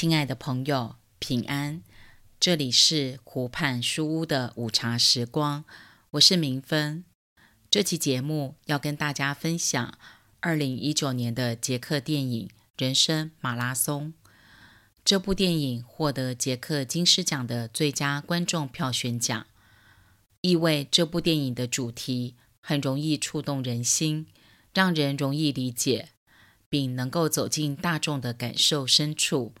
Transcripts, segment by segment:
親愛的朋友，平安，這裡是湖畔書屋的午茶時光，我是明芬。這期節目要跟大家分享二零一九年的捷克電影《人生馬拉松》。這部電影獲得捷克金獅獎的最佳觀眾票選獎，意味這部電影的主題很容易觸動人心，讓人容易理解，並能夠走進大眾的感受深處。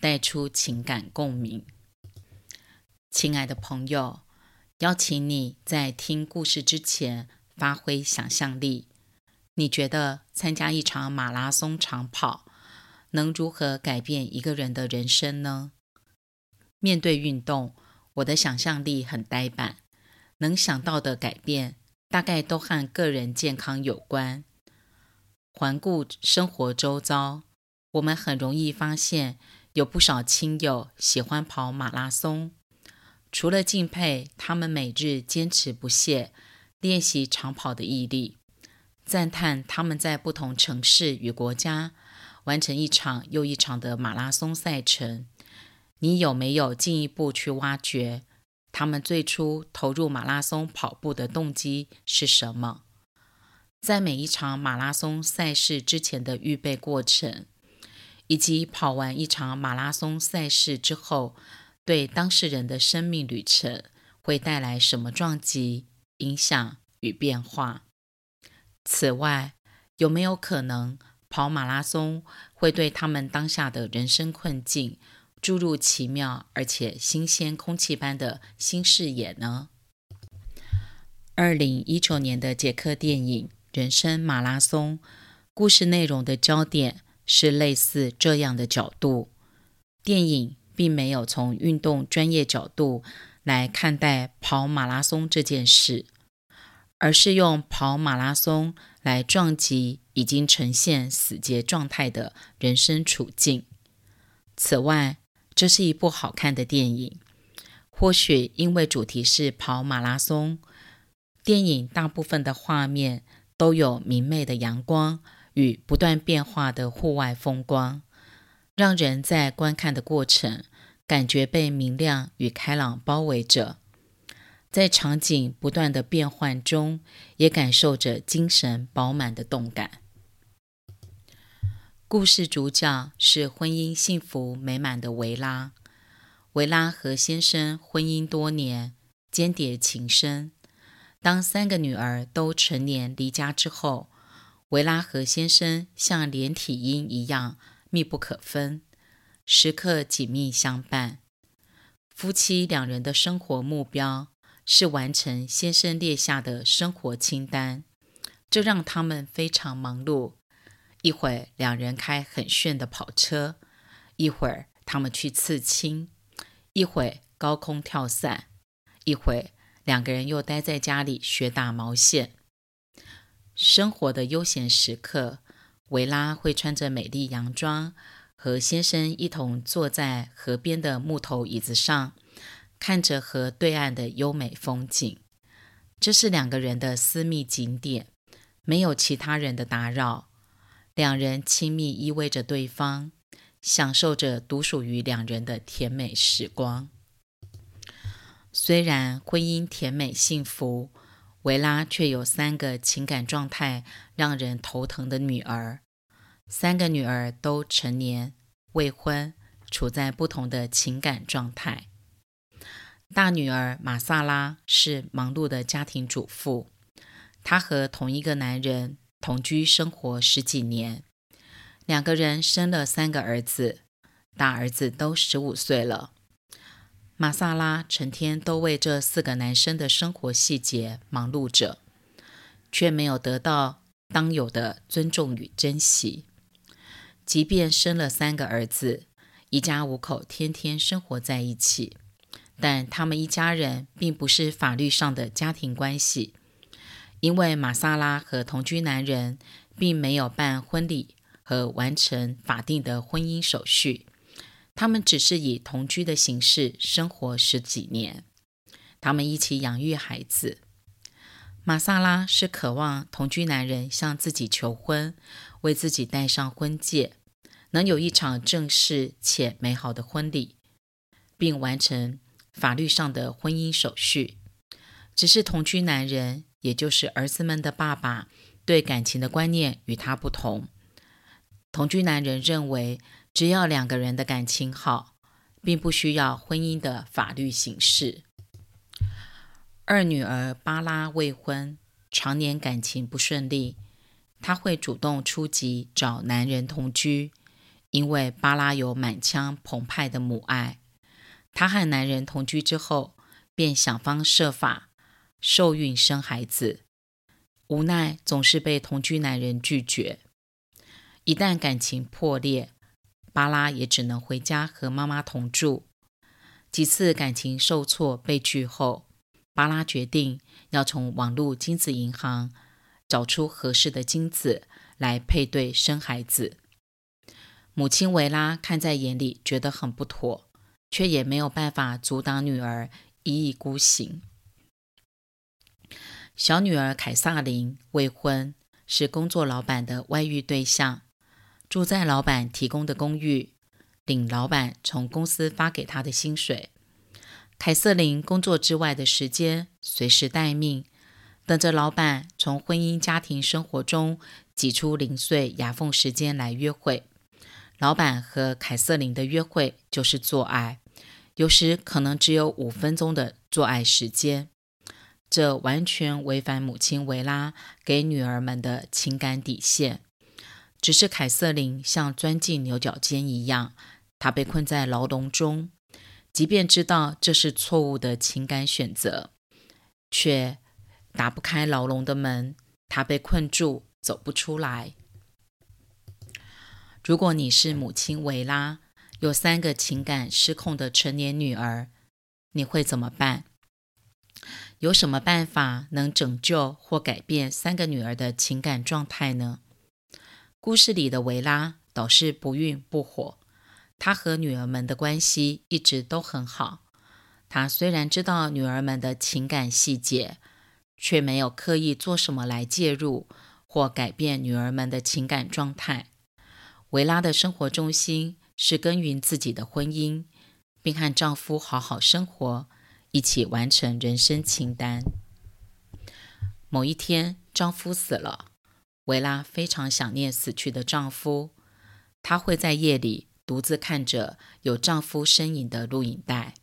帶出情感共鳴。親愛的朋友，邀請你在聽故事之前發揮想象力。你覺得參加一場馬拉松長跑能如何改變一個人的人生呢？面對運動，我的想象力很呆板，能想到的改變大概都和個人健康有關。環顧生活周遭，我們很容易發現。有不少親友喜歡跑馬拉松，除了敬佩他們每日堅持不懈練習長跑的毅力，讚嘆他們在不同城市與國家完成一場又一場的馬拉松賽程，你有沒有進一步去挖掘他們最初投入馬拉松跑步的動機是什麼？在每一場馬拉松賽事之前的預備過程？以及跑完一場馬拉松賽事之後，對當事人的生命旅程會帶來什麼撞擊、影響與變化？此外，有沒有可能跑馬拉松會對他們當下的人生困境，注入奇妙而且新鮮空氣般的新視野呢？二零一九年的捷克電影《人生馬拉松》，故事內容的焦點。是類似這樣的角度，電影並沒有從運動專業角度來看待跑馬拉松這件事，而是用跑馬拉松來撞擊已經呈現死結狀態的人生處境。此外，這是一部好看的電影，或許因為主題是跑馬拉松，電影大部分的畫面都有明媚的陽光。與不斷變化的戶外風光，讓人在觀看的過程感覺被明亮與開朗包圍着，在場景不斷的變換中，也感受着精神飽滿的動感。故事主角是婚姻幸福美滿的維拉。維拉和先生婚姻多年，鶼鰈情深。當三個女兒都成年離家之後，維拉和先生像連體嬰一樣密不可分，時刻緊密相伴。夫妻兩人的生活目標是完成先生列下的生活清單，這讓他們非常忙碌。一會兒兩人開很炫的跑車，一會兒他們去刺青，一會高空跳傘，一會兩個人又待在家裡學打毛線。生活的悠閒時刻，維拉會穿着美麗洋裝，和先生一同坐在河邊的木頭椅子上，看着河對岸的優美風景。這是兩個人的私密景點，沒有其他人的打擾，兩人親密依偎着對方，享受着獨屬於兩人的甜美時光。雖然婚姻甜美幸福。維拉卻有三個情感狀態讓人頭疼的女兒，三個女兒都成年未婚，處在不同的情感狀態。大女兒瑪薩拉是忙碌的家庭主婦，她和同一個男人同居生活十幾年，兩個人生了三個兒子，大兒子都十五歲了。瑪薩拉成天都為這四個男生的生活細節忙碌着，卻沒有得到當有的尊重與珍惜。即便生了三個兒子，一家五口天天生活在一起，但他們一家人並不是法律上的家庭關係，因為瑪薩拉和同居男人並沒有辦婚禮和完成法定的婚姻手續。他們只是以同居的形式生活十幾年，他們一起養育孩子。馬薩拉是渴望同居男人向自己求婚，為自己戴上婚戒，能有一場正式且美好的婚禮，並完成法律上的婚姻手續。只是同居男人，也就是兒子們的爸爸，對感情的觀念與他不同。同居男人認為，只要兩個人的感情好，並不需要婚姻的法律形式。二女兒巴拉未婚，常年感情不順利，她會主動出擊找男人同居，因為巴拉有滿腔澎湃的母愛。她和男人同居之後，便想方設法受孕生孩子，無奈總是被同居男人拒絕。一旦感情破裂，巴拉也只能回家和媽媽同住。幾次感情受挫被拒後，巴拉決定要從網絡精子銀行找出合適的精子來配對生孩子。母親維拉看在眼裡，覺得很不妥，卻也沒有辦法阻擋女兒一意孤行。小女兒凱撒琳未婚，是工作老闆的外遇對象。住在老板提供的公寓，領老板從公司發給他的薪水。凱瑟琳工作之外的時間隨時待命，等着老板從婚姻家庭生活中擠出零碎牙縫時間來約會。老板和凱瑟琳的約會就是做愛，有時可能只有五分鐘的做愛時間。這完全違反母親維拉給女兒們的情感底線。只是凱瑟琳像鑽進牛角尖一樣，她被困在牢籠中，即便知道這是錯誤的情感選擇，卻打不開牢籠的門。她被困住，走不出來。如果你是母親維拉，有三個情感失控的成年女兒，你會怎麼辦？有什麼辦法能拯救或改變三個女兒的情感狀態呢？故事裡的維拉倒是不溫不火，她和女兒們的關係一直都很好。她雖然知道女兒們的情感細節，卻沒有刻意做什麼來介入或改變女兒們的情感狀態。維拉的生活中心是耕耘自己的婚姻，並和丈夫好好生活，一起完成人生清單。某一天，丈夫死了。維拉非常想念死去的丈夫，她會在夜裡獨自看着有丈夫身影的錄影帶，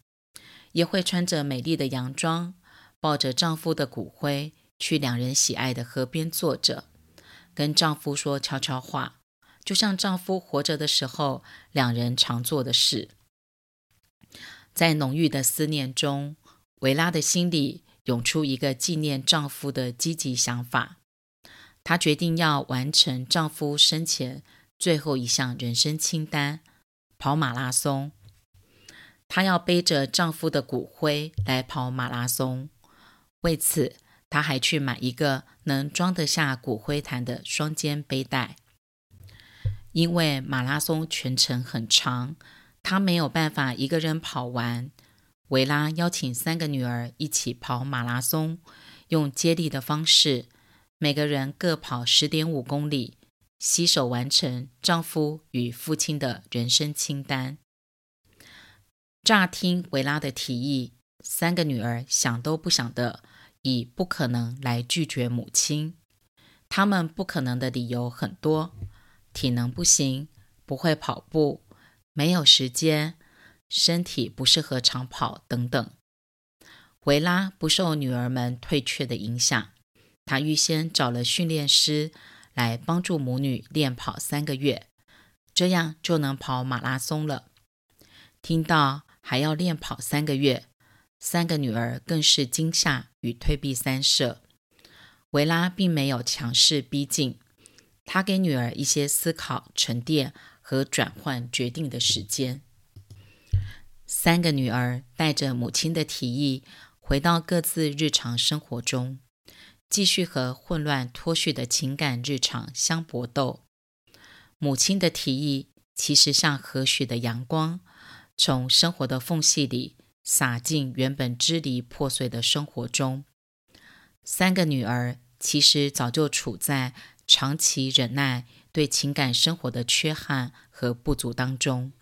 也會穿着美麗的洋裝，抱着丈夫的骨灰去兩人喜愛的河邊坐着，跟丈夫說悄悄話，就像丈夫活着的時候兩人常做的事。在濃郁的思念中，維拉的心裡湧出一個紀念丈夫的積極想法。她決定要完成丈夫生前最後一項人生清單——跑馬拉松。她要背着丈夫的骨灰來跑馬拉松。為此，她還去買一個能裝得下骨灰壇的雙肩背帶。因為馬拉松全程很長，她沒有辦法一個人跑完。維拉邀請三個女兒一起跑馬拉松，用接力的方式。每個人各跑十點五公里，攜手完成丈夫與父親的人生清單。乍聽維拉的提議，三個女兒想都不想的，以不可能來拒絕母親。她們不可能的理由很多：體能不行，不會跑步，沒有時間，身體不適合長跑等等。維拉不受女兒們退卻的影響。他預先找了訓練師來幫助母女練跑三個月，這樣就能跑馬拉松了。聽到還要練跑三個月，三個女兒更是驚嚇與退避三舍。維拉並沒有強勢逼近，她給女兒一些思考、沉澱和轉換決定的時間。三個女兒帶着母親的提議，回到各自日常生活中。繼續和混亂脫序的情感日常相搏鬥。母親的提議其實像和煦的陽光，從生活的縫隙裡灑進原本支離破碎的生活中。三個女兒其實早就處在長期忍耐對情感生活的缺憾和不足當中。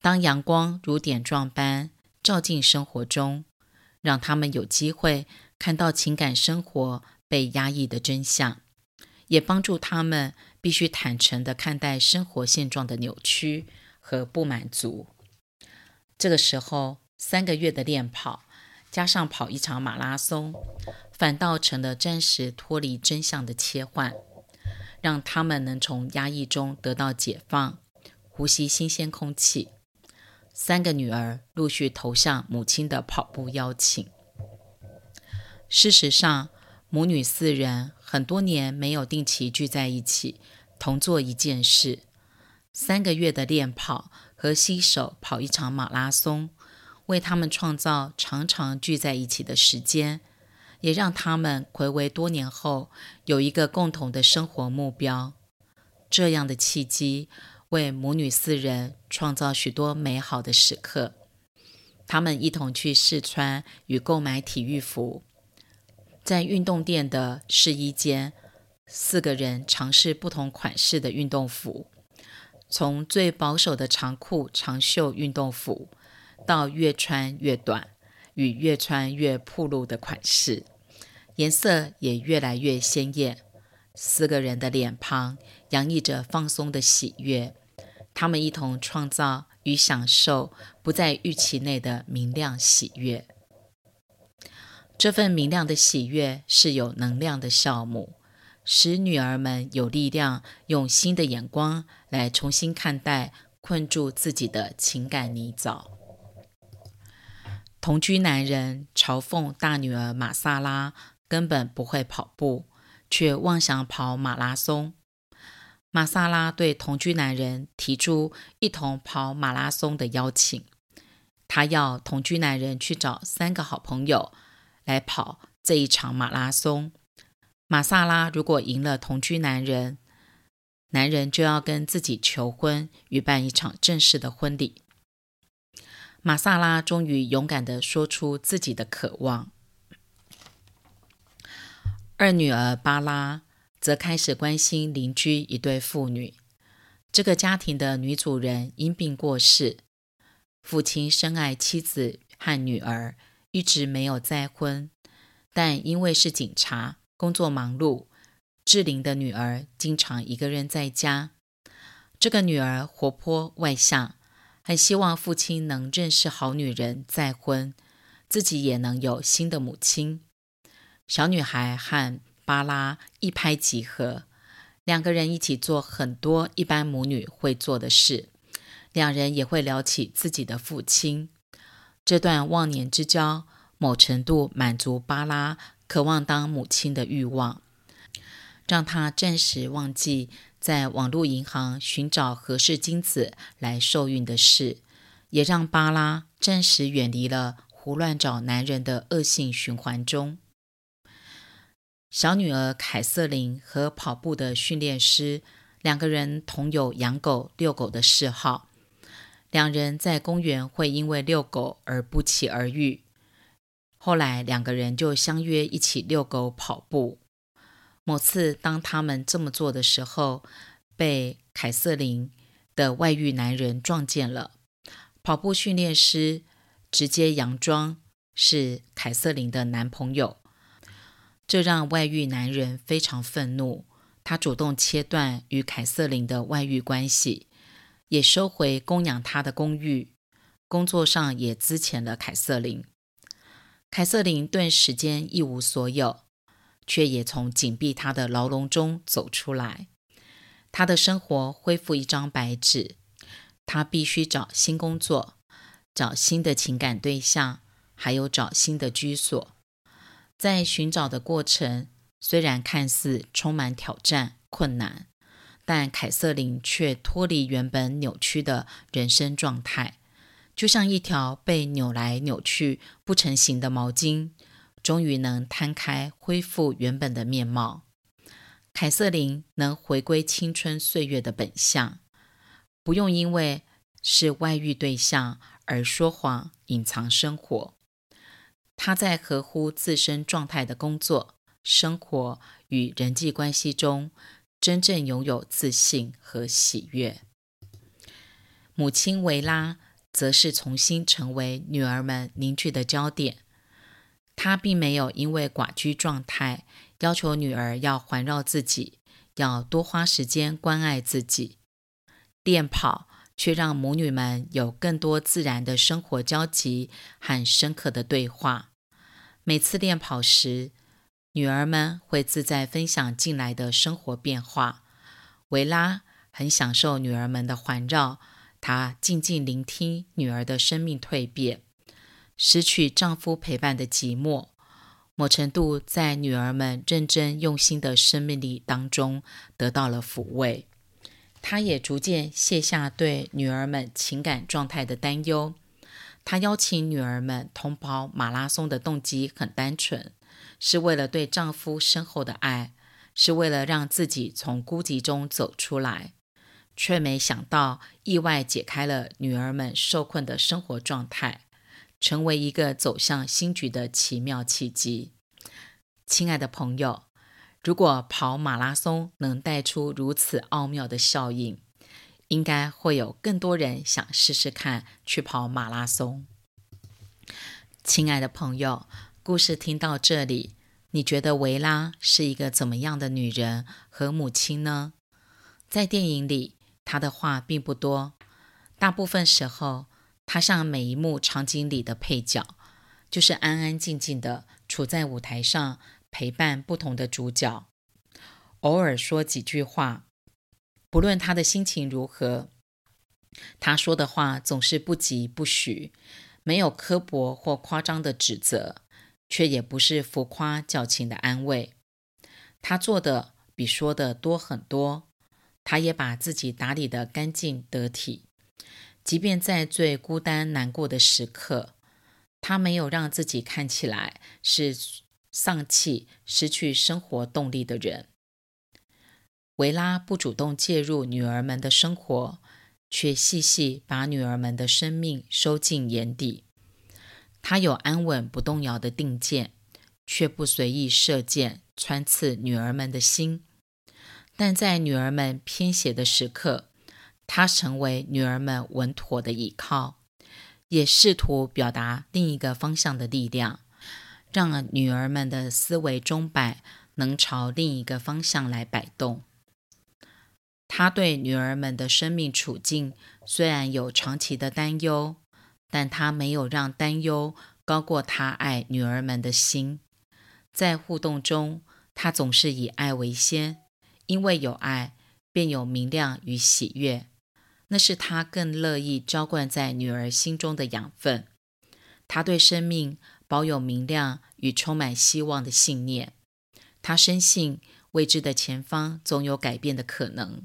當陽光如點狀般照進生活中，讓他們有機會，看到情感生活被壓抑的真相，也幫助他們必須坦誠地看待生活現狀的扭曲和不滿足。這個時候，三個月的練跑加上跑一場馬拉松，反倒成了暫時脫離真相的切換，讓他們能從壓抑中得到解放，呼吸新鮮空氣。三個女兒陸續投向母親的跑步邀請。事實上，母女四人很多年沒有定期聚在一起，同做一件事。三個月的練跑和攜手跑一場馬拉松，為他們創造常常聚在一起的時間，也讓他們睽違多年後有一個共同的生活目標。這樣的契機為母女四人創造許多美好的時刻。他們一同去試穿與購買體育服。在運動店的試衣間，四個人嘗試不同款式的運動服，從最保守的長褲長袖運動服，到越穿越短與越穿越暴露的款式，顏色也越來越鮮豔。四個人的臉龐洋溢着放鬆的喜悅，他們一同創造與享受不在預期內的明亮喜悅。這份明亮的喜悅是有能量的酵母，使女兒們有力量，用新的眼光來重新看待困住自己的情感泥沼。同居男人嘲諷大女兒瑪薩拉根本不會跑步，卻妄想跑馬拉松。瑪薩拉對同居男人提出一同跑馬拉松的邀請，她要同居男人去找三個好朋友。來跑這一場馬拉松。馬薩拉如果贏了同居男人，男人就要跟自己求婚，舉辦一場正式的婚禮。馬薩拉終於勇敢的說出自己的渴望。二女兒巴拉則開始關心鄰居一對父女。這個家庭的女主人因病過世，父親深愛妻子和女兒。一直沒有再婚，但因為是警察，工作忙碌，志玲的女兒經常一個人在家。這個女兒活潑外向，很希望父親能認識好女人再婚，自己也能有新的母親。小女孩和巴拉一拍即合，兩個人一起做很多一般母女會做的事，兩人也會聊起自己的父親。這段忘年之交，某程度滿足巴拉渴望當母親的慾望，讓她暫時忘記在網絡銀行尋找合適精子來受孕的事，也讓巴拉暫時遠離了胡亂找男人的惡性循環中。小女兒凱瑟琳和跑步的訓練師，兩個人同有養狗、遛狗的嗜好。兩人在公園會因為遛狗而不期而遇，後來兩個人就相約一起遛狗跑步。某次當他們這麼做的時候，被凱瑟琳的外遇男人撞見了。跑步訓練師直接佯裝是凱瑟琳的男朋友，這讓外遇男人非常憤怒，他主動切斷與凱瑟琳的外遇關係。也收回供養他的公寓，工作上也資遣了凱瑟琳。凱瑟琳頓時間一無所有，卻也從緊閉他的牢籠中走出來。她的生活恢復一張白紙，她必須找新工作，找新的情感對象，還有找新的居所。在尋找的過程，雖然看似充滿挑戰困難。但凱瑟琳卻脫離原本扭曲的人生狀態，就像一條被扭來扭去不成形的毛巾，終於能攤開，恢復原本的面貌。凱瑟琳能回歸青春歲月的本相，不用因為是外遇對象而說謊、隱藏生活。她在合乎自身狀態的工作、生活與人際關係中。真正擁有自信和喜悅。母親維拉則是重新成為女兒們凝聚的焦點。她並沒有因為寡居狀態要求女兒要環繞自己，要多花時間關愛自己。練跑卻讓母女們有更多自然的生活交集和深刻的對話。每次練跑時，女兒們會自在分享近來的生活變化。維拉很享受女兒們的環繞，她靜靜聆聽女兒的生命蛻變，失去丈夫陪伴的寂寞，某程度在女兒們認真用心的生命力當中得到了撫慰。她也逐漸卸下對女兒們情感狀態的擔憂。她邀請女兒們同跑馬拉松的動機很單純。是為了對丈夫深厚的愛，是為了讓自己從孤寂中走出來，卻沒想到意外解開了女兒們受困的生活狀態，成為一個走向新局的奇妙契機。親愛的朋友，如果跑馬拉松能帶出如此奧妙的效應，應該會有更多人想試試看去跑馬拉松。親愛的朋友。故事聽到這裡，你覺得維拉是一個怎麼樣的女人和母親呢？在電影裡，她的話並不多，大部分時候，她像每一幕場景裡的配角，就是安安靜靜的處在舞台上陪伴不同的主角，偶爾說幾句話。不論她的心情如何，她說的話總是不疾不徐，沒有刻薄或誇張的指責。卻也不是浮誇矯情的安慰。他做的比說的多很多，他也把自己打理得乾淨得體。即便在最孤單難過的時刻，他沒有讓自己看起來是喪氣、失去生活動力的人。維拉不主動介入女兒們的生活，卻細細把女兒們的生命收進眼底。他有安穩不動搖的定見，卻不隨意射箭穿刺女兒們的心。但在女兒們偏斜的時刻，他成為女兒們穩妥的依靠，也試圖表達另一個方向的力量，讓女兒們的思維鐘擺能朝另一個方向來擺動。他對女兒們的生命處境雖然有長期的擔憂。但他沒有讓擔憂高過他愛女兒們的心，在互動中，他總是以愛為先，因為有愛，便有明亮與喜悅，那是他更樂意澆灌在女兒心中的養分。他對生命保有明亮與充滿希望的信念，他深信未知的前方總有改變的可能，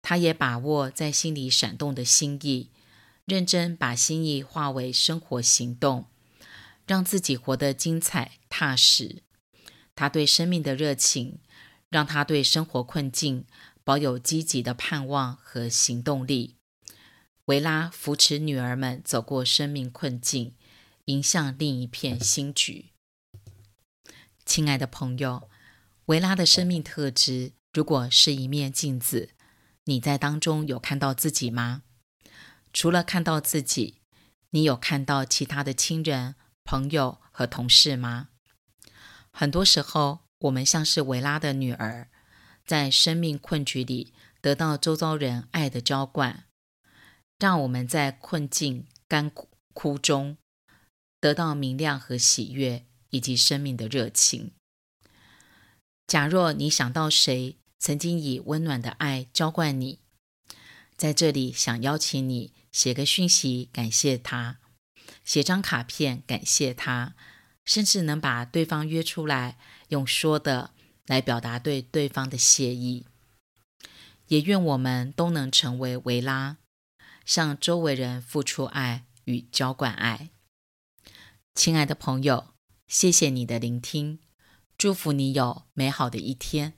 他也把握在心裡閃動的心意。認真把心意化為生活行動，讓自己活得精彩踏實。他對生命的熱情，讓他對生活困境保有積極的盼望和行動力。維拉扶持女兒們走過生命困境，迎向另一片新局。親愛的朋友，維拉的生命特質如果是一面鏡子，你在當中有看到自己嗎？除了看到自己，你有看到其他的親人、朋友和同事嗎？很多時候，我們像是維拉的女兒，在生命困局裡得到周遭人愛的澆灌，讓我們在困境乾枯，枯中得到明亮和喜悅，以及生命的熱情。假若你想到誰曾經以溫暖的愛澆灌你。在這裡，想邀請你寫個訊息感謝他，寫張卡片感謝他，甚至能把對方約出來，用說的來表達對對方的謝意。也願我們都能成為維拉，向周圍人付出愛與澆灌愛。親愛的朋友，謝謝你的聆聽，祝福你有美好的一天。